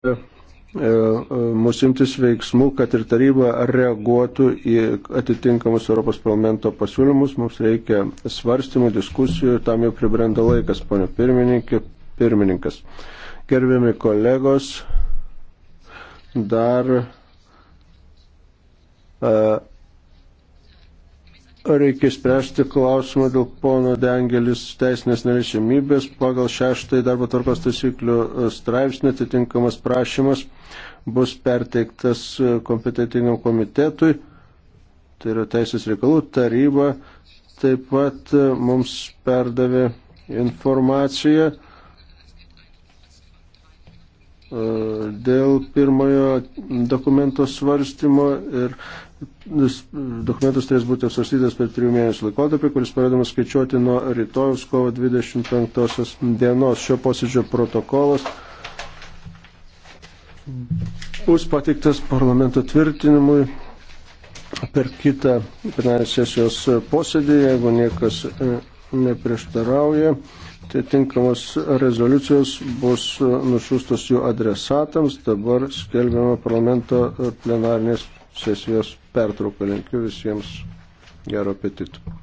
E, e, mūsų imtis veiksmų, kad ir taryba reaguotų į atitinkamus Europos parlamento pasiūlymus. Mums reikia svarstymų, diskusijų, tam jau pribrenda laikas, ponio pirmininkė, pirmininkas. Gerbiami kolegos, dar e, reikia spręsti klausimą dėl pono Dengelis teisinės neliečiamybės. Pagal šeštąjį darbo tvarkos taisyklių e, straipsnį atitinkamas prašymas bus perteiktas e, kompetitingam komitetui, tai yra teisės reikalų taryba. Taip pat e, mums perdavė informaciją. E, dėl pirmojo dokumento svarstymo ir dokumentas turės būti apsvarstytas per trijų mėnesių laikotarpį, kuris pradedamas skaičiuoti nuo rytojus kovo 25 dienos. Šio posėdžio protokolas bus pateiktas parlamento tvirtinimui per kitą plenarės sesijos posėdį, jeigu niekas e, neprieštarauja. Atitinkamos rezoliucijos bus nusiųstos jų adresatams. Dabar skelbiama parlamento plenarinės sesijos pertrauka. Linkiu visiems gero apetito.